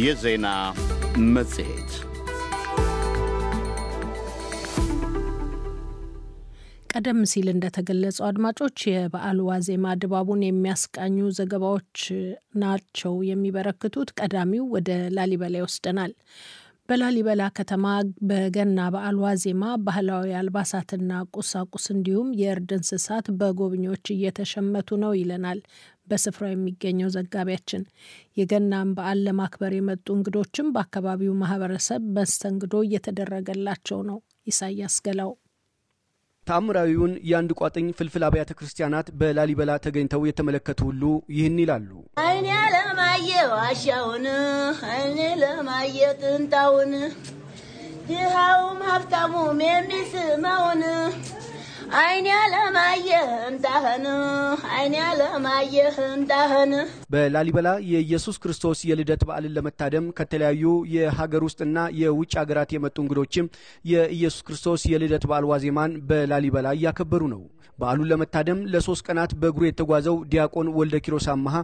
የዜና መጽሔት ቀደም ሲል እንደተገለጸው አድማጮች የበዓል ዋዜማ ድባቡን የሚያስቃኙ ዘገባዎች ናቸው የሚበረክቱት። ቀዳሚው ወደ ላሊበላ ይወስደናል። በላሊበላ ከተማ በገና በዓል ዋዜማ ባህላዊ አልባሳትና ቁሳቁስ እንዲሁም የእርድ እንስሳት በጎብኚዎች እየተሸመቱ ነው ይለናል በስፍራው የሚገኘው ዘጋቢያችን። የገናን በዓል ለማክበር የመጡ እንግዶችም በአካባቢው ማህበረሰብ መስተንግዶ እየተደረገላቸው ነው። ኢሳያስ ገላው ታምራዊውን የአንድ ቋጥኝ ፍልፍል አብያተ ክርስቲያናት በላሊበላ ተገኝተው የተመለከቱ ሁሉ ይህን ይላሉ። አይኔ ለማየ ዋሻውን፣ አይኔ ለማየ ጥንታውን፣ ድሃውም ሀብታሙም የሚስመውን አይኔ አለማየህ እንታህን አይኔ አለማየህ እንታህን በላሊበላ የኢየሱስ ክርስቶስ የልደት በዓልን ለመታደም ከተለያዩ የሀገር ውስጥና የውጭ ሀገራት የመጡ እንግዶችም የኢየሱስ ክርስቶስ የልደት በዓል ዋዜማን በላሊበላ እያከበሩ ነው። በዓሉን ለመታደም ለሶስት ቀናት በእግሩ የተጓዘው ዲያቆን ወልደ ኪሮስ አመሃ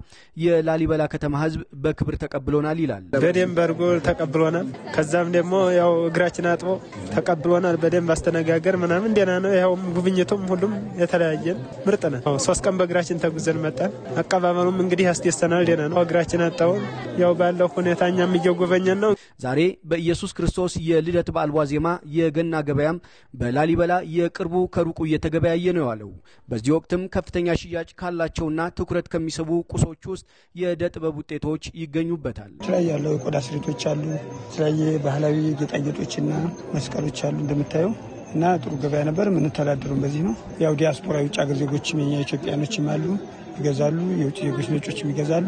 የላሊበላ ከተማ ሕዝብ በክብር ተቀብሎናል ይላል። በደንብ አድርጎ ተቀብሎናል። ከዛም ደግሞ ያው እግራችን አጥቦ ተቀብሎናል። በደንብ አስተነጋገር ምናምን ደህና ነው። ያውም ጉብኝቱም ሁሉም የተለያየን ምርጥ ነን። ሶስት ቀን በእግራችን ተጉዘን መጠን አቀባበሉም እንግዲህ አስደስ ተነስተናል። ደህና ነው። እግራችን አጣውን። ያው ባለው ሁኔታ እኛም እየጎበኘን ነው። ዛሬ በኢየሱስ ክርስቶስ የልደት በዓል ዋዜማ የገና ገበያም በላሊበላ የቅርቡ ከሩቁ እየተገበያየ ነው ያለው። በዚህ ወቅትም ከፍተኛ ሽያጭ ካላቸውና ትኩረት ከሚስቡ ቁሶች ውስጥ የእደ ጥበብ ውጤቶች ይገኙበታል። የተለያዩ ያለው የቆዳ ስሪቶች አሉ። የተለያየ ባህላዊ ጌጣጌጦችና መስቀሎች አሉ እንደምታየው እና ጥሩ ገበያ ነበር። የምንተዳደሩም በዚህ ነው። ያው ዲያስፖራ የውጭ ሀገር ዜጎችም የኛ ኢትዮጵያኖችም አሉ። ይገዛሉ፣ የውጭ ዜጎች ነጮችም ይገዛሉ።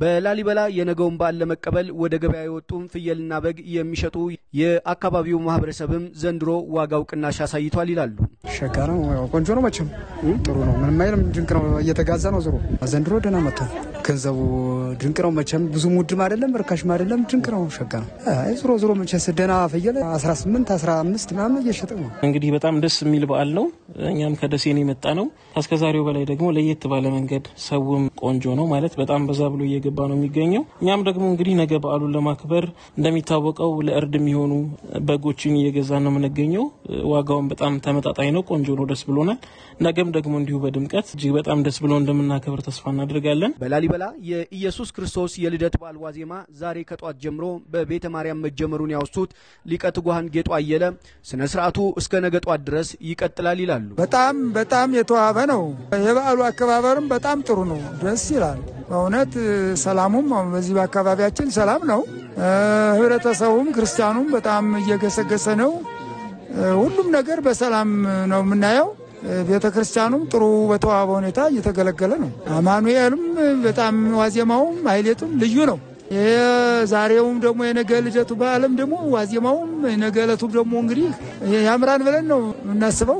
በላሊበላ የነገውን በዓል ለመቀበል ወደ ገበያ የወጡም ፍየልና በግ የሚሸጡ የአካባቢው ማህበረሰብም ዘንድሮ ዋጋው ቅናሽ አሳይቷል ይላሉ። ሸጋ ነው፣ ቆንጆ ነው፣ መቼም ጥሩ ነው፣ ምንም አይልም፣ ድንቅ ነው። እየተጋዛ ነው ዞሮ ዘንድሮ ደህና መጥቷል። ገንዘቡ ድንቅ ነው። መቼም ብዙ ውድም አይደለም ርካሽም አይደለም፣ ድንቅ ነው፣ ሸጋ ነው። ዞሮ ዞሮ መቼስ ደህና ፍየል 18 15 ምናምን እየሸጠ ነው። እንግዲህ በጣም ደስ የሚል በዓል ነው። እኛም ከደሴን የመጣ ነው። ከስከዛሬው በላይ ደግሞ ለየት ባለ መንገድ ሰውም ቆንጆ ነው። ነው ማለት በጣም በዛ ብሎ እየገባ ነው የሚገኘው። እኛም ደግሞ እንግዲህ ነገ በዓሉን ለማክበር እንደሚታወቀው ለእርድ የሚሆኑ በጎችን እየገዛ ነው የምንገኘው። ዋጋውን በጣም ተመጣጣኝ ነው፣ ቆንጆ ነው፣ ደስ ብሎናል። ነገም ደግሞ እንዲሁ በድምቀት እጅግ በጣም ደስ ብሎ እንደምናከብር ተስፋ እናደርጋለን። በላሊበላ የኢየሱስ ክርስቶስ የልደት በዓል ዋዜማ ዛሬ ከጧት ጀምሮ በቤተ ማርያም መጀመሩን ያወሱት ሊቀ ትጉሃን ጌጡ አየለ ስነ ስርዓቱ እስከ ነገ ጧት ድረስ ይቀጥላል ይላሉ። በጣም በጣም የተዋበ ነው። የበዓሉ አከባበርም በጣም ጥሩ ነው፣ ደስ ይላል። ይገባል። በእውነት ሰላሙም በዚህ በአካባቢያችን ሰላም ነው። ህብረተሰቡም ክርስቲያኑም በጣም እየገሰገሰ ነው። ሁሉም ነገር በሰላም ነው የምናየው። ቤተ ክርስቲያኑም ጥሩ በተዋበ ሁኔታ እየተገለገለ ነው። አማኑኤልም በጣም ዋዜማውም ሀይሌቱም ልዩ ነው። የዛሬውም ደግሞ የነገ ልደቱ በዓለም ደግሞ ዋዜማውም የነገ ዕለቱም ደግሞ እንግዲህ ያምራን ብለን ነው የምናስበው።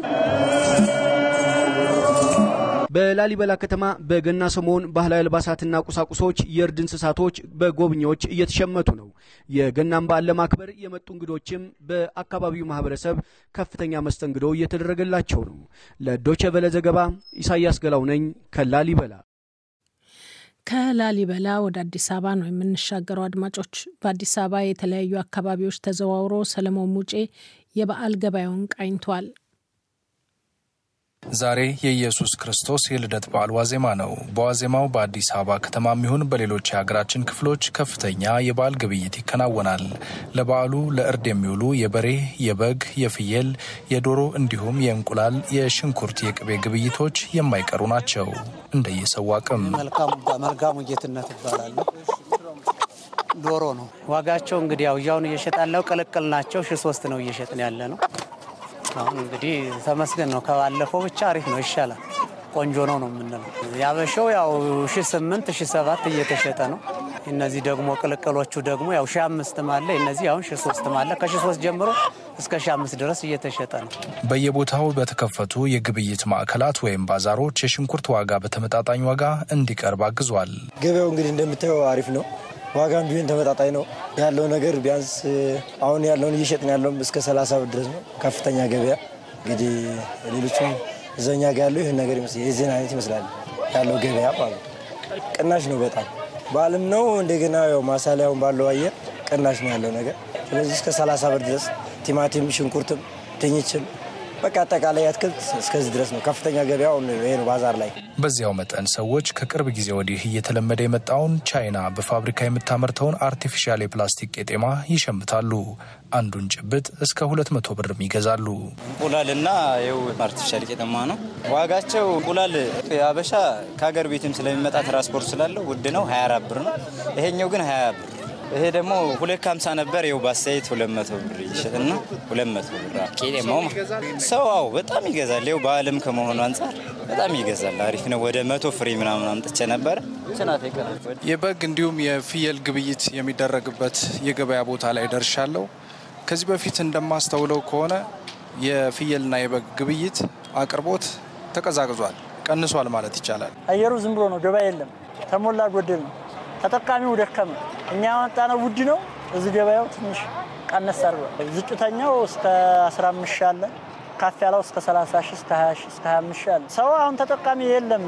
በላሊበላ ከተማ በገና ሰሞን ባህላዊ አልባሳትና ቁሳቁሶች፣ የእርድ እንስሳቶች በጎብኚዎች እየተሸመቱ ነው። የገናን በዓል ለማክበር የመጡ እንግዶችም በአካባቢው ማህበረሰብ ከፍተኛ መስተንግዶ እየተደረገላቸው ነው። ለዶቼ ቬለ ዘገባ ኢሳያስ ገላው ነኝ ከላሊበላ። ከላሊበላ ወደ አዲስ አበባ ነው የምንሻገረው። አድማጮች፣ በአዲስ አበባ የተለያዩ አካባቢዎች ተዘዋውሮ ሰለሞን ሙጬ የበዓል ገበያውን ቃኝቷል። ዛሬ የኢየሱስ ክርስቶስ የልደት በዓል ዋዜማ ነው። በዋዜማው በአዲስ አበባ ከተማም ይሁን በሌሎች የሀገራችን ክፍሎች ከፍተኛ የበዓል ግብይት ይከናወናል። ለበዓሉ ለእርድ የሚውሉ የበሬ፣ የበግ፣ የፍየል፣ የዶሮ እንዲሁም የእንቁላል፣ የሽንኩርት፣ የቅቤ ግብይቶች የማይቀሩ ናቸው። እንደየሰው አቅም መልካሙ ጌትነት ይባላል። ዶሮ ነው ዋጋቸው እንግዲህ ያው እያሁን እየሸጣለው ቅልቅል ናቸው ሺ ሶስት ነው እየሸጥን ያለ ነው አሁን እንግዲህ ተመስገን ነው። ከባለፈው ብቻ አሪፍ ነው፣ ይሻላል፣ ቆንጆ ነው ነው የምንለው። ያበሻው ያው ሺ ስምንት ሺ ሰባት እየተሸጠ ነው። እነዚህ ደግሞ ቅልቅሎቹ ደግሞ ያው ሺ አምስት ማለ እነዚህ አሁን ሺ ሶስት ማለ ከሺ ሶስት ጀምሮ እስከ ሺ አምስት ድረስ እየተሸጠ ነው። በየቦታው በተከፈቱ የግብይት ማዕከላት ወይም ባዛሮች የሽንኩርት ዋጋ በተመጣጣኝ ዋጋ እንዲቀርብ አግዟል። ገበያው እንግዲህ እንደምታየው አሪፍ ነው። ዋጋም ቢሆን ተመጣጣኝ ነው ያለው ነገር ቢያንስ አሁን ያለውን እየሸጥን ያለውም እስከ ሰላሳ ብር ድረስ ነው ከፍተኛ ገበያ። እንግዲህ ሌሎችም እዛኛ ጋ ያለው ይህን ነገር የዜን አይነት ይመስላል ያለው ገበያ ማለት ቅናሽ ነው በጣም በዓልም ነው እንደገና ያው ማሳሊያውን ባለው አየር ቅናሽ ነው ያለው ነገር። ስለዚህ እስከ ሰላሳ ብር ድረስ ቲማቲም፣ ሽንኩርትም ድንችም በቃ አጠቃላይ አትክልት እስከዚህ ድረስ ነው። ከፍተኛ ገበያው ይሄ ነው ባዛር ላይ። በዚያው መጠን ሰዎች ከቅርብ ጊዜ ወዲህ እየተለመደ የመጣውን ቻይና በፋብሪካ የምታመርተውን አርቲፊሻል የፕላስቲክ ቄጤማ ይሸምታሉ። አንዱን ጭብጥ እስከ ሁለት ብርም ይገዛሉ። እንቁላልና ይኸው አርቲፊሻል ቄጤማ ነው ዋጋቸው። እንቁላል አበሻ ከሀገር ቤትም ስለሚመጣ ትራንስፖርት ስላለው ውድ ነው፣ 24 ብር ነው። ይሄኛው ግን 20 ብር ይሄ ደግሞ ሁለት ሀምሳ ነበር። ይኸው ባስተያየት ሁለት መቶ ብር ይሸጥና ሁለት መቶ ብር ቄሌማ ሰው አዎ፣ በጣም ይገዛል። ይኸው በዓልም ከመሆኑ አንጻር በጣም ይገዛል። አሪፍ ነው። ወደ መቶ ፍሬ ምናምን አምጥቼ ነበረ። የበግ እንዲሁም የፍየል ግብይት የሚደረግበት የገበያ ቦታ ላይ ደርሻለሁ። ከዚህ በፊት እንደማስተውለው ከሆነ የፍየልና የበግ ግብይት አቅርቦት ተቀዛቅዟል፣ ቀንሷል ማለት ይቻላል። አየሩ ዝም ብሎ ነው፣ ገበያ የለም፣ ተሞላ ጎደል ነው። ተጠቃሚው ደከመ። እኛ ያመጣነው ውድ ነው። እዚህ ገበያው ትንሽ ቀነስ አድርጓል። ዝቅተኛው እስከ 15 ሺህ አለ። ከፍ ያለው እስከ 30 ሺህ እስከ 20 ሺህ እስከ 25 ሺህ አለ። ሰው አሁን ተጠቃሚ የለም፣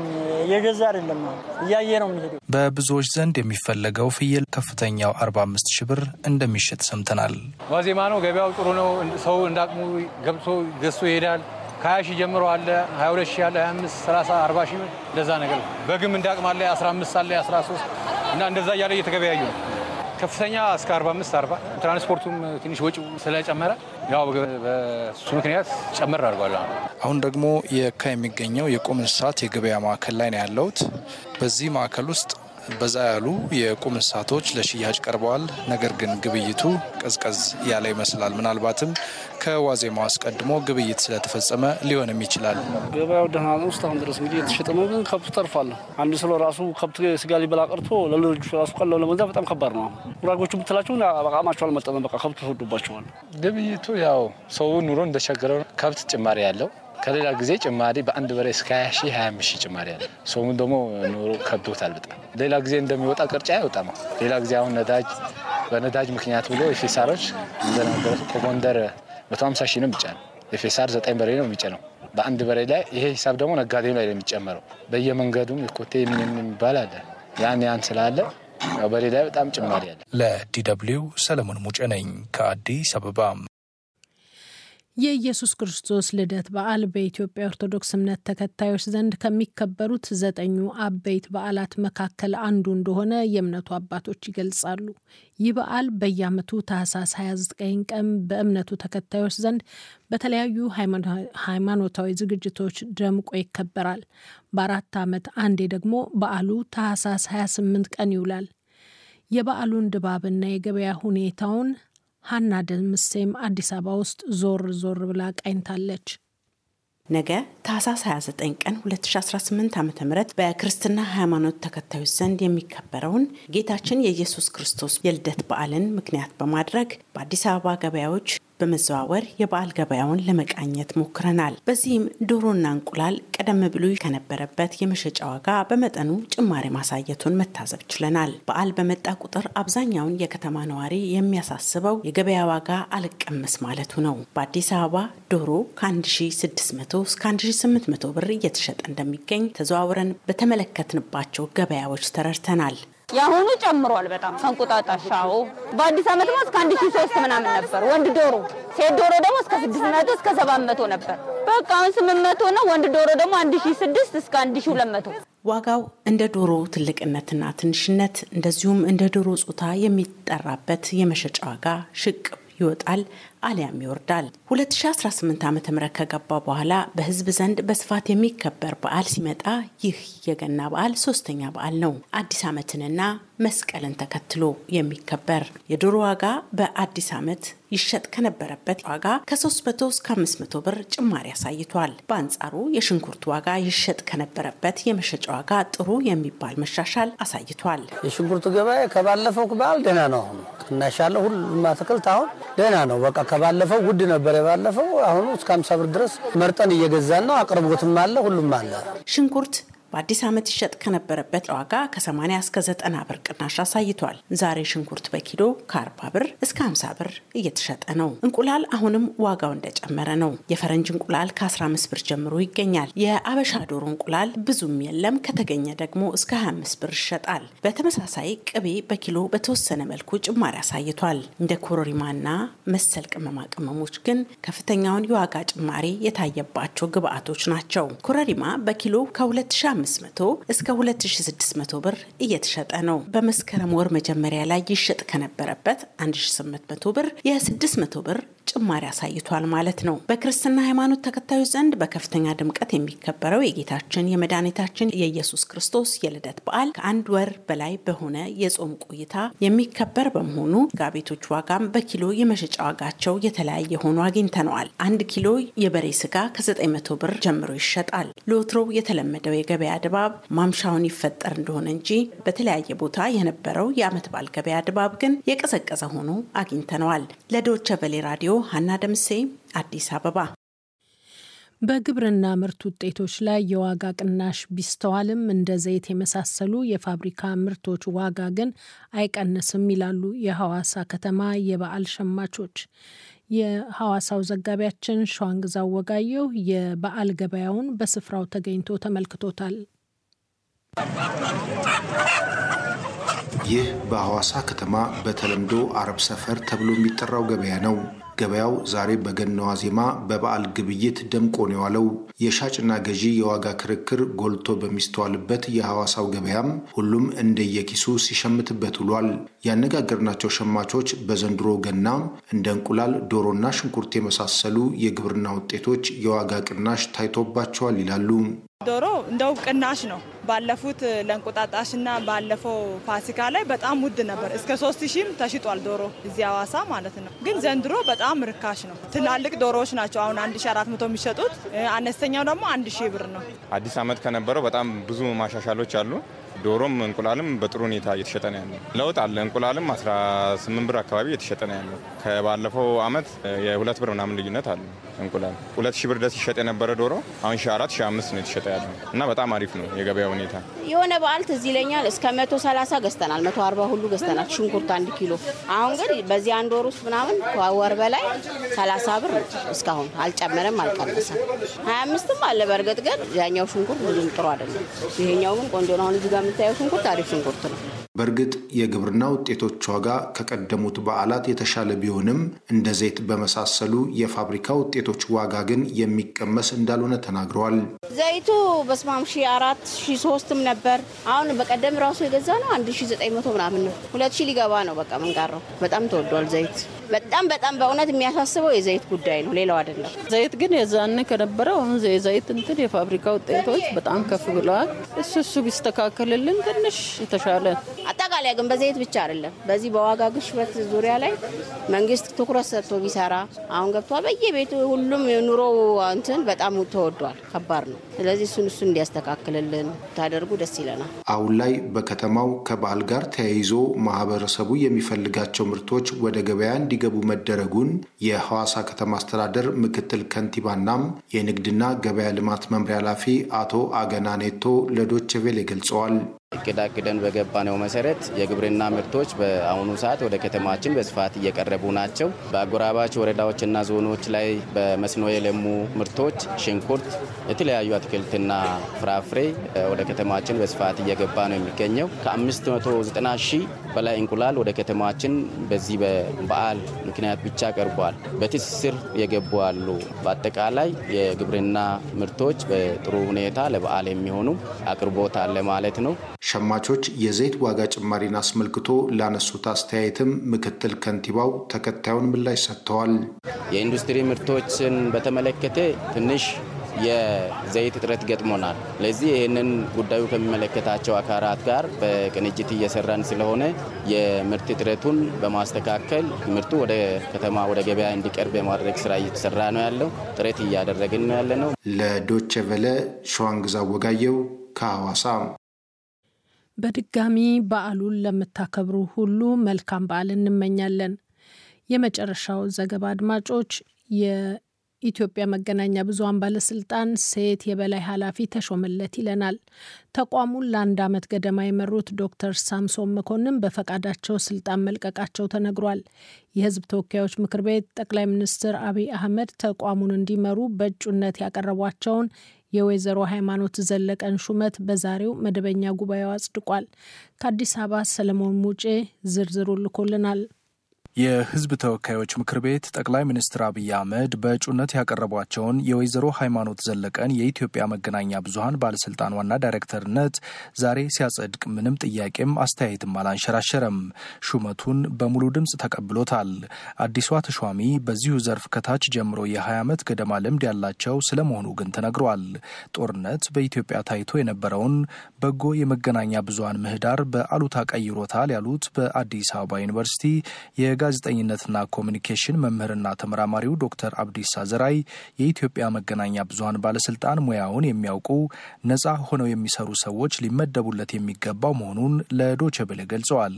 የገዛ አይደለም። አሁን እያየ ነው የሚሄደው። በብዙዎች ዘንድ የሚፈለገው ፍየል ከፍተኛው 45 ሺህ ብር እንደሚሸጥ ሰምተናል። ዋዜማ ነው፣ ገበያው ጥሩ ነው። ሰው እንዳቅሙ ገብቶ ገዝቶ ይሄዳል። ከሀያ ሺህ ጀምሮ አለ፣ 22 ሺህ አለ፣ 25፣ 30፣ 40 ሺህ እንደዛ ነገር። በግም እንዳቅም አለ፣ 15 አለ፣ 13 እና እንደዛ እያለ እየተገበያዩ ነው። ከፍተኛ እስከ 45 40 ትራንስፖርቱም ትንሽ ወጪ ስለጨመረ ያው በሱ ምክንያት ጨመር አድርጓል። አሁን ደግሞ የካ የሚገኘው የቁም እንስሳት የገበያ ማዕከል ላይ ነው ያለሁት። በዚህ ማዕከል ውስጥ በዛ ያሉ የቁም እንስሳቶች ለሽያጭ ቀርበዋል። ነገር ግን ግብይቱ ቀዝቀዝ ያለ ይመስላል። ምናልባትም ከዋዜማው አስቀድሞ ግብይት ስለተፈጸመ ሊሆንም ይችላል። ገበያው ደህና ነው። እስካሁን ድረስ እንግዲህ የተሸጠ ነው፣ ግን ከብቱ ተርፏል። አንድ ስለ ራሱ ከብት ስጋ ሊበላ ቀርቶ ለልጆቹ ራሱ ቀለው ለመግዛት በጣም ከባድ ነው። ጉራጎቹ ብትላቸው አቅማቸው አልመጠመ በቃ ከብቱ ተወዶባቸዋል። ግብይቱ ያው ሰው ኑሮ እንደቸገረው ከብት ጭማሪ ያለው ከሌላ ጊዜ ጭማሪ በአንድ በሬ እስከ 20 ሺህ 25 ሺህ ጭማሪ ያለ ሰውን ደግሞ ኑሮ ከብዶታል በጣም ሌላ ጊዜ እንደሚወጣ ቅርጫ አይወጣም። ሌላ ጊዜ አሁን ነዳጅ በነዳጅ ምክንያት ብሎ የፊሳሮች እንደነገረ ከጎንደር 150 ሺህ ነው የሚጫ ነው። ኤፌሳር 9 በሬ ነው የሚጭ ነው በአንድ በሬ ላይ። ይሄ ሂሳብ ደግሞ ነጋዴ ላይ ነው የሚጨመረው። በየመንገዱም የኮቴ ምን የሚባል አለ። ያን ያን ስላለ በሬ ላይ በጣም ጭማሪ አለ። ለዲ ደብልዩ ሰለሞን ሙጬ ነኝ ከአዲስ አበባ። የኢየሱስ ክርስቶስ ልደት በዓል በኢትዮጵያ ኦርቶዶክስ እምነት ተከታዮች ዘንድ ከሚከበሩት ዘጠኙ አበይት በዓላት መካከል አንዱ እንደሆነ የእምነቱ አባቶች ይገልጻሉ። ይህ በዓል በየዓመቱ ታህሳስ 29 ቀን በእምነቱ ተከታዮች ዘንድ በተለያዩ ሃይማኖታዊ ዝግጅቶች ደምቆ ይከበራል። በአራት ዓመት አንዴ ደግሞ በዓሉ ታህሳስ 28 ቀን ይውላል። የበዓሉን ድባብና የገበያ ሁኔታውን ሀና ደምሴም አዲስ አበባ ውስጥ ዞር ዞር ብላ ቃኝታለች። ነገ ታህሳስ 29 ቀን 2018 ዓ ም በክርስትና ሃይማኖት ተከታዮች ዘንድ የሚከበረውን ጌታችን የኢየሱስ ክርስቶስ የልደት በዓልን ምክንያት በማድረግ በአዲስ አበባ ገበያዎች በመዘዋወር የበዓል ገበያውን ለመቃኘት ሞክረናል። በዚህም ዶሮና እንቁላል ቀደም ብሎ ከነበረበት የመሸጫ ዋጋ በመጠኑ ጭማሪ ማሳየቱን መታዘብ ችለናል። በዓል በመጣ ቁጥር አብዛኛውን የከተማ ነዋሪ የሚያሳስበው የገበያ ዋጋ አልቀመስ ማለቱ ነው። በአዲስ አበባ ዶሮ ከ1600 እስከ 1800 ብር እየተሸጠ እንደሚገኝ ተዘዋውረን በተመለከትንባቸው ገበያዎች ተረድተናል። የአሁኑ ጨምሯል በጣም ከእንቁጣጣሻው በአዲስ ዓመት እስከ አንድ ሺ ሶስት ምናምን ነበር ወንድ ዶሮ፣ ሴት ዶሮ ደግሞ እስከ ስድስት መቶ እስከ ሰባት መቶ ነበር። በቃ አሁን ስምንት መቶ ነው። ወንድ ዶሮ ደግሞ አንድ ሺህ ስድስት እስከ አንድ ሺ ሁለት መቶ ዋጋው እንደ ዶሮ ትልቅነትና ትንሽነት እንደዚሁም እንደ ዶሮ ጾታ የሚጠራበት የመሸጫ ዋጋ ሽቅ ይወጣል። አሊያም ይወርዳል። 2018 ዓ ም ከገባ በኋላ በህዝብ ዘንድ በስፋት የሚከበር በዓል ሲመጣ ይህ የገና በዓል ሶስተኛ በዓል ነው። አዲስ ዓመትንና መስቀልን ተከትሎ የሚከበር የዶሮ ዋጋ በአዲስ ዓመት ይሸጥ ከነበረበት ዋጋ ከ300 እስከ 500 ብር ጭማሪ አሳይቷል። በአንጻሩ የሽንኩርት ዋጋ ይሸጥ ከነበረበት የመሸጫ ዋጋ ጥሩ የሚባል መሻሻል አሳይቷል። የሽንኩርቱ ገበያ ከባለፈው በዓል ደህና ነው። አሁን ቅናሽ ያለው ሁሉም አትክልት አሁን ደህና ነው በቃ ከባለፈው ውድ ነበር የባለፈው። አሁኑ እስከ 50 ብር ድረስ መርጠን እየገዛን ነው። አቅርቦትም አለ፣ ሁሉም አለ። ሽንኩርት በአዲስ ዓመት ይሸጥ ከነበረበት ዋጋ ከ80 እስከ 90 ብር ቅናሽ አሳይቷል። ዛሬ ሽንኩርት በኪሎ ከ40 ብር እስከ 50 ብር እየተሸጠ ነው። እንቁላል አሁንም ዋጋው እንደጨመረ ነው። የፈረንጅ እንቁላል ከ15 ብር ጀምሮ ይገኛል። የአበሻ ዶሮ እንቁላል ብዙም የለም፣ ከተገኘ ደግሞ እስከ 25 ብር ይሸጣል። በተመሳሳይ ቅቤ በኪሎ በተወሰነ መልኩ ጭማሪ አሳይቷል። እንደ ኮረሪማና መሰል ቅመማ ቅመሞች ግን ከፍተኛውን የዋጋ ጭማሪ የታየባቸው ግብአቶች ናቸው። ኮረሪማ በኪሎ ከ2 ከ እስከ 2600 ብር እየተሸጠ ነው። በመስከረም ወር መጀመሪያ ላይ ይሸጥ ከነበረበት 1800 ብር የ600 ብር ጭማሪ አሳይቷል ማለት ነው። በክርስትና ሃይማኖት ተከታዮች ዘንድ በከፍተኛ ድምቀት የሚከበረው የጌታችን የመድኃኒታችን የኢየሱስ ክርስቶስ የልደት በዓል ከአንድ ወር በላይ በሆነ የጾም ቆይታ የሚከበር በመሆኑ ጋቤቶች ዋጋም በኪሎ የመሸጫ ዋጋቸው የተለያየ ሆኖ አግኝተነዋል። አንድ ኪሎ የበሬ ስጋ ከ900 ብር ጀምሮ ይሸጣል። ለወትሮው የተለመደው የገበያ ድባብ ማምሻውን ይፈጠር እንደሆነ እንጂ በተለያየ ቦታ የነበረው የአመት በዓል ገበያ ድባብ ግን የቀዘቀዘ ሆኖ አግኝተነዋል። ለዶቸ ቬሌ ራዲዮ ሀና ደምሴ አዲስ አበባ። በግብርና ምርት ውጤቶች ላይ የዋጋ ቅናሽ ቢስተዋልም እንደ ዘይት የመሳሰሉ የፋብሪካ ምርቶች ዋጋ ግን አይቀንስም ይላሉ የሐዋሳ ከተማ የበዓል ሸማቾች። የሐዋሳው ዘጋቢያችን ሸዋንግዛው ወጋየው የበዓል ገበያውን በስፍራው ተገኝቶ ተመልክቶታል። ይህ በሐዋሳ ከተማ በተለምዶ አረብ ሰፈር ተብሎ የሚጠራው ገበያ ነው። ገበያው ዛሬ በገናዋ ዜማ በበዓል ግብይት ደምቆ ነው የዋለው። የሻጭና ገዢ የዋጋ ክርክር ጎልቶ በሚስተዋልበት የሐዋሳው ገበያም ሁሉም እንደየኪሱ ሲሸምትበት ውሏል። ያነጋገርናቸው ሸማቾች በዘንድሮ ገና እንደ እንቁላል፣ ዶሮና ሽንኩርት የመሳሰሉ የግብርና ውጤቶች የዋጋ ቅናሽ ታይቶባቸዋል ይላሉ። ዶሮ እንደው ቅናሽ ነው ባለፉት ለእንቁጣጣሽና ባለፈው ፋሲካ ላይ በጣም ውድ ነበር። እስከ ሶስት ሺህም ተሽጧል ዶሮ እዚህ አዋሳ ማለት ነው። ግን ዘንድሮ በጣም ርካሽ ነው። ትላልቅ ዶሮዎች ናቸው አሁን አንድ ሺ አራት መቶ የሚሸጡት አነስተኛው ደግሞ አንድ ሺህ ብር ነው። አዲስ አመት ከነበረው በጣም ብዙ ማሻሻሎች አሉ። ዶሮም እንቁላልም በጥሩ ሁኔታ እየተሸጠ ነው ያለው። ለውጥ አለ። እንቁላልም 18 ብር አካባቢ እየተሸጠ ነው ያለው። ከባለፈው አመት የሁለት ብር ምናምን ልዩነት አለ። እንቁላል ሁለት ሺህ ብር ደስ ይሸጥ የነበረ ዶሮ አሁን ሺ አራት ሺ አምስት ነው የተሸጠ ያለ እና በጣም አሪፍ ነው የገበያ ሁኔታ። የሆነ በዓል ትዝ ይለኛል እስከ መቶ ሰላሳ ገዝተናል መቶ አርባ ሁሉ ገዝተናል ሽንኩርት አንድ ኪሎ። አሁን ግን በዚህ አንድ ወር ውስጥ ምናምን ከወር በላይ ሰላሳ ብር እስካሁን አልጨመረም አልቀነሰም። ሀያ አምስትም አለ በእርግጥ ግን ያኛው ሽንኩርት ብዙም ጥሩ አይደለም። ይሄኛው ግን ቆንጆ ነው። አሁን እዚህ ጋር የምታየው ሽንኩርት አሪፍ ሽንኩርት ነው። በእርግጥ የግብርና ውጤቶች ዋጋ ከቀደሙት በዓላት የተሻለ ቢሆንም እንደ ዘይት በመሳሰሉ የፋብሪካ ውጤቶች ዋጋ ግን የሚቀመስ እንዳልሆነ ተናግረዋል። ዘይቱ በስማም ሺ አራት ሺ ሶስትም ነበር። አሁን በቀደም ራሱ የገዛ ነው አንድ ሺ ዘጠኝ መቶ ምናምን ነው። ሁለት ሺ ሊገባ ነው። በቃ ምንጋረው በጣም ተወዷል ዘይት በጣም በጣም በእውነት የሚያሳስበው የዘይት ጉዳይ ነው፣ ሌላው አይደለም። ዘይት ግን የዛኔ ከነበረው አሁን የዘይት እንትን የፋብሪካ ውጤቶች በጣም ከፍ ብለዋል። እሱ እሱ ቢስተካከልልን ትንሽ የተሻለ አጠቃላይ ግን በዘይት ብቻ አይደለም፣ በዚህ በዋጋ ግሽበት ዙሪያ ላይ መንግስት ትኩረት ሰጥቶ ቢሰራ አሁን ገብቷል። በየቤቱ ሁሉም የኑሮ እንትን በጣም ተወዷል፣ ከባድ ነው። ስለዚህ እሱን እሱ እንዲያስተካክልልን ታደርጉ ደስ ይለናል። አሁን ላይ በከተማው ከባህል ጋር ተያይዞ ማህበረሰቡ የሚፈልጋቸው ምርቶች ወደ ገበያ እንዲ እንዲገቡ መደረጉን የሐዋሳ ከተማ አስተዳደር ምክትል ከንቲባናም የንግድና ገበያ ልማት መምሪያ ኃላፊ አቶ አገና ኔቶ ለዶችቬሌ ገልጸዋል። እቅዳቅደን በገባነው መሰረት የግብርና ምርቶች በአሁኑ ሰዓት ወደ ከተማችን በስፋት እየቀረቡ ናቸው። በአጎራባች ወረዳዎችና ዞኖች ላይ በመስኖ የለሙ ምርቶች፣ ሽንኩርት፣ የተለያዩ አትክልትና ፍራፍሬ ወደ ከተማችን በስፋት እየገባ ነው የሚገኘው። ከ590 ሺህ በላይ እንቁላል ወደ ከተማችን በዚህ በበዓል ምክንያት ብቻ ቀርቧል። በትስስር የገቡ አሉ። በአጠቃላይ የግብርና ምርቶች በጥሩ ሁኔታ ለበዓል የሚሆኑ አቅርቦት አለ ማለት ነው። ሸማቾች የዘይት ዋጋ ጭማሪን አስመልክቶ ላነሱት አስተያየትም ምክትል ከንቲባው ተከታዩን ምላሽ ሰጥተዋል። የኢንዱስትሪ ምርቶችን በተመለከተ ትንሽ የዘይት እጥረት ገጥሞናል። ለዚህ ይህንን ጉዳዩ ከሚመለከታቸው አካላት ጋር በቅንጅት እየሰራን ስለሆነ የምርት እጥረቱን በማስተካከል ምርቱ ወደ ከተማ ወደ ገበያ እንዲቀርብ የማድረግ ስራ እየተሰራ ነው ያለው፣ ጥረት እያደረግን ነው ያለ ነው። ለዶቼ ቬለ ሸዋንግዛ ወጋየው ከሐዋሳ በድጋሚ በዓሉን ለምታከብሩ ሁሉ መልካም በዓል እንመኛለን። የመጨረሻው ዘገባ አድማጮች፣ የኢትዮጵያ መገናኛ ብዙሃን ባለስልጣን ሴት የበላይ ኃላፊ ተሾመለት ይለናል። ተቋሙን ለአንድ ዓመት ገደማ የመሩት ዶክተር ሳምሶን መኮንን በፈቃዳቸው ስልጣን መልቀቃቸው ተነግሯል። የህዝብ ተወካዮች ምክር ቤት ጠቅላይ ሚኒስትር አብይ አህመድ ተቋሙን እንዲመሩ በእጩነት ያቀረቧቸውን የወይዘሮ ሃይማኖት ዘለቀን ሹመት በዛሬው መደበኛ ጉባኤው አጽድቋል። ከአዲስ አበባ ሰለሞን ሙጬ ዝርዝሩ ልኮልናል። የህዝብ ተወካዮች ምክር ቤት ጠቅላይ ሚኒስትር አብይ አህመድ በእጩነት ያቀረቧቸውን የወይዘሮ ሃይማኖት ዘለቀን የኢትዮጵያ መገናኛ ብዙሀን ባለስልጣን ዋና ዳይሬክተርነት ዛሬ ሲያጸድቅ ምንም ጥያቄም አስተያየትም አላንሸራሸረም። ሹመቱን በሙሉ ድምፅ ተቀብሎታል። አዲሷ ተሿሚ በዚሁ ዘርፍ ከታች ጀምሮ የ20 ዓመት ገደማ ልምድ ያላቸው ስለመሆኑ ግን ተነግሯል። ጦርነት በኢትዮጵያ ታይቶ የነበረውን በጎ የመገናኛ ብዙሀን ምህዳር በአሉታ ቀይሮታል ያሉት በአዲስ አበባ ዩኒቨርሲቲ የጋዜጠኝነትና ኮሚኒኬሽን መምህርና ተመራማሪው ዶክተር አብዲሳ ዘራይ የኢትዮጵያ መገናኛ ብዙሀን ባለስልጣን ሙያውን የሚያውቁ ነጻ ሆነው የሚሰሩ ሰዎች ሊመደቡለት የሚገባው መሆኑን ለዶቼ ቬለ ገልጸዋል።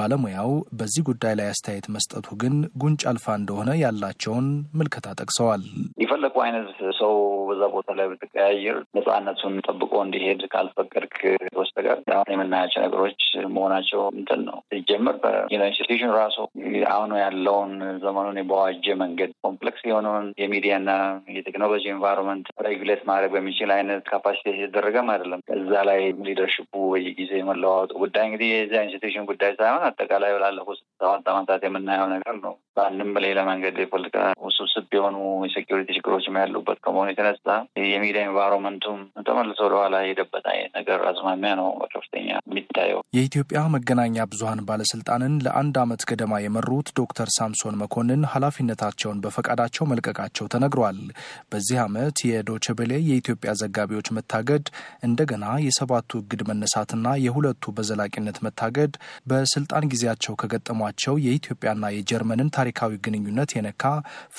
ባለሙያው በዚህ ጉዳይ ላይ አስተያየት መስጠቱ ግን ጉንጭ አልፋ እንደሆነ ያላቸውን ምልከታ ጠቅሰዋል። የፈለቁ አይነት ሰው በዛ ቦታ ላይ ብትቀያየር ነጻነቱን ጠብቆ እንዲሄድ ካልፈቀድክ በስተቀር አሁን የምናያቸው ነገሮች መሆናቸው እንትን ነው። ሲጀመር በኢንስቲቱሽን ራሱ አሁኑ ያለውን ዘመኑን በዋጀ መንገድ ኮምፕሌክስ የሆነውን የሚዲያና የቴክኖሎጂ ኤንቫይሮንመንት ሬጉሌት ማድረግ በሚችል አይነት ካፓሲቲ የተደረገም አይደለም። እዛ ላይ ሊደርሽፑ በየጊዜ የመለዋወጡ ጉዳይ እንግዲህ የዚያ ኢንስቲቱሽን ጉዳይ ሳይሆን አጠቃላይ ላለፉት ሰባት ዓመታት የምናየው ነገር ነው። በአንድም በሌላ መንገድ የፖለቲካ ውስብስብ የሆኑ የሴኪሪቲ ችግሮች ያሉበት ከመሆኑ የተነሳ የሚዲያ ኤንቫይሮንመንቱም ተመልሶ ወደኋላ የሄደበት አይነት ነገር አዝማሚያ ነው በከፍተኛ የሚታየው። የኢትዮጵያ መገናኛ ብዙሀን ባለስልጣንን ለአንድ አመት ገደማ የመሩ የተጠሩት ዶክተር ሳምሶን መኮንን ኃላፊነታቸውን በፈቃዳቸው መልቀቃቸው ተነግሯል። በዚህ ዓመት የዶችቤሌ የኢትዮጵያ ዘጋቢዎች መታገድ እንደገና የሰባቱ እግድ መነሳትና የሁለቱ በዘላቂነት መታገድ በስልጣን ጊዜያቸው ከገጠሟቸው የኢትዮጵያና የጀርመንን ታሪካዊ ግንኙነት የነካ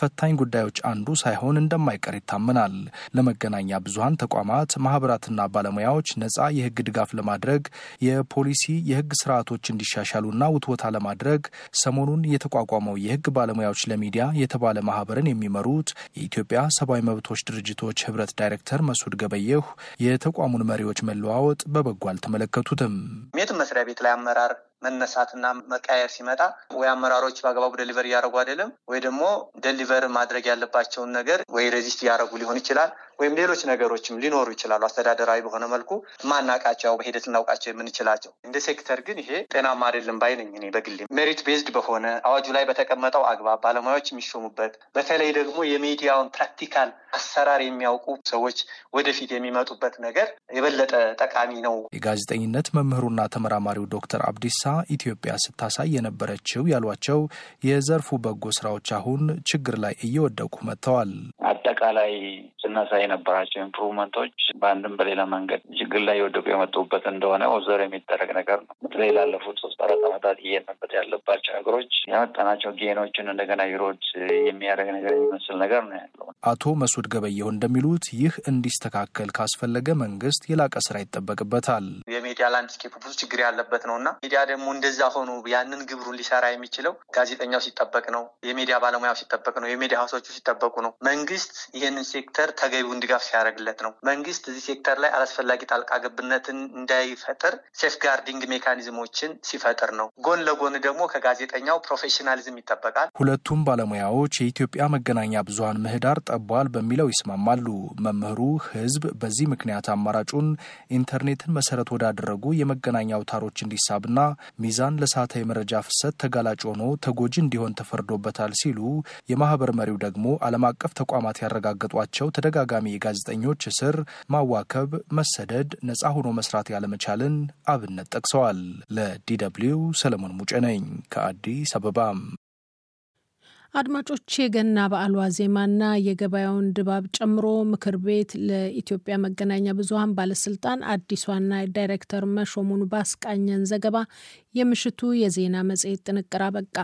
ፈታኝ ጉዳዮች አንዱ ሳይሆን እንደማይቀር ይታመናል። ለመገናኛ ብዙሃን ተቋማት፣ ማህበራትና ባለሙያዎች ነጻ የህግ ድጋፍ ለማድረግ የፖሊሲ የህግ ስርዓቶች እንዲሻሻሉና ውትወታ ለማድረግ ሰሞኑን ማህበሩን የተቋቋመው የህግ ባለሙያዎች ለሚዲያ የተባለ ማህበርን የሚመሩት የኢትዮጵያ ሰብአዊ መብቶች ድርጅቶች ህብረት ዳይሬክተር መሱድ ገበየሁ የተቋሙን መሪዎች መለዋወጥ በበጎ አልተመለከቱትም። የትም መስሪያ ቤት ላይ አመራር መነሳትና መቀያየር ሲመጣ ወይ አመራሮች በአግባቡ ደሊቨር እያደረጉ አይደለም፣ ወይ ደግሞ ደሊቨር ማድረግ ያለባቸውን ነገር ወይ ሬዚስት እያደረጉ ሊሆን ይችላል ወይም ሌሎች ነገሮችም ሊኖሩ ይችላሉ። አስተዳደራዊ በሆነ መልኩ ማናቃቸው በሂደት ልናውቃቸው የምንችላቸው እንደ ሴክተር ግን ይሄ ጤናማ አይደለም ባይነኝ እኔ በግሌ ሜሪት ቤዝድ በሆነ አዋጁ ላይ በተቀመጠው አግባብ ባለሙያዎች የሚሾሙበት በተለይ ደግሞ የሚዲያውን ፕራክቲካል አሰራር የሚያውቁ ሰዎች ወደፊት የሚመጡበት ነገር የበለጠ ጠቃሚ ነው። የጋዜጠኝነት መምህሩና ተመራማሪው ዶክተር አብዲሳ ኢትዮጵያ ስታሳይ የነበረችው ያሏቸው የዘርፉ በጎ ስራዎች አሁን ችግር ላይ እየወደቁ መጥተዋል። አጠቃላይ ስናሳይ የነበራቸው ኢምፕሩቭመንቶች በአንድም በሌላ መንገድ ችግር ላይ የወደቁ የመጡበት እንደሆነ ኦብዘር የሚደረግ ነገር ነው። በተለይ ላለፉት ሶስት አራት ዓመታት እየሄድንበት ያለባቸው ሀገሮች ያመጣናቸው ጌኖችን እንደገና ይሮድ የሚያደርግ ነገር የሚመስል ነገር ነው አቶ መስዑድ ገበየሁ እንደሚሉት ይህ እንዲስተካከል ካስፈለገ መንግስት የላቀ ስራ ይጠበቅበታል። የሚዲያ ላንድስኬፕ ብዙ ችግር ያለበት ነው እና ሚዲያ ደግሞ እንደዛ ሆኖ ያንን ግብሩን ሊሰራ የሚችለው ጋዜጠኛው ሲጠበቅ ነው፣ የሚዲያ ባለሙያው ሲጠበቅ ነው፣ የሚዲያ ሀውሶቹ ሲጠበቁ ነው። መንግስት ይህንን ሴክተር ተገቢውን ድጋፍ ሲያደርግለት ነው። መንግስት እዚህ ሴክተር ላይ አላስፈላጊ ጣልቃ ገብነትን እንዳይፈጥር ሴፍጋርዲንግ ሜካኒዝሞችን ሲፈጥር ነው። ጎን ለጎን ደግሞ ከጋዜጠኛው ፕሮፌሽናሊዝም ይጠበቃል። ሁለቱም ባለሙያዎች የኢትዮጵያ መገናኛ ብዙሀን ምህዳር ጠቧል በሚለው ይስማማሉ። መምህሩ ህዝብ በዚህ ምክንያት አማራጩን ኢንተርኔትን መሰረት ወዳደረጉ የመገናኛ አውታሮች እንዲሳብና ሚዛን ለሳተ የመረጃ ፍሰት ተጋላጭ ሆኖ ተጎጂ እንዲሆን ተፈርዶበታል ሲሉ የማህበር መሪው ደግሞ ዓለም አቀፍ ተቋማት ያረጋገጧቸው ተደጋጋሚ የጋዜጠኞች እስር፣ ማዋከብ፣ መሰደድ፣ ነፃ ሆኖ መስራት ያለመቻልን አብነት ጠቅሰዋል። ለዲ ደብልዩ ሰለሞን ሙጬ ነኝ ከአዲስ አበባ። አድማጮች የገና በዓል ዋዜማና የገበያውን ድባብ ጨምሮ ምክር ቤት ለኢትዮጵያ መገናኛ ብዙኃን ባለስልጣን አዲስ ዋና ዳይሬክተር መሾሙን ባስቃኘን ዘገባ የምሽቱ የዜና መጽሔት ጥንቅር አበቃ።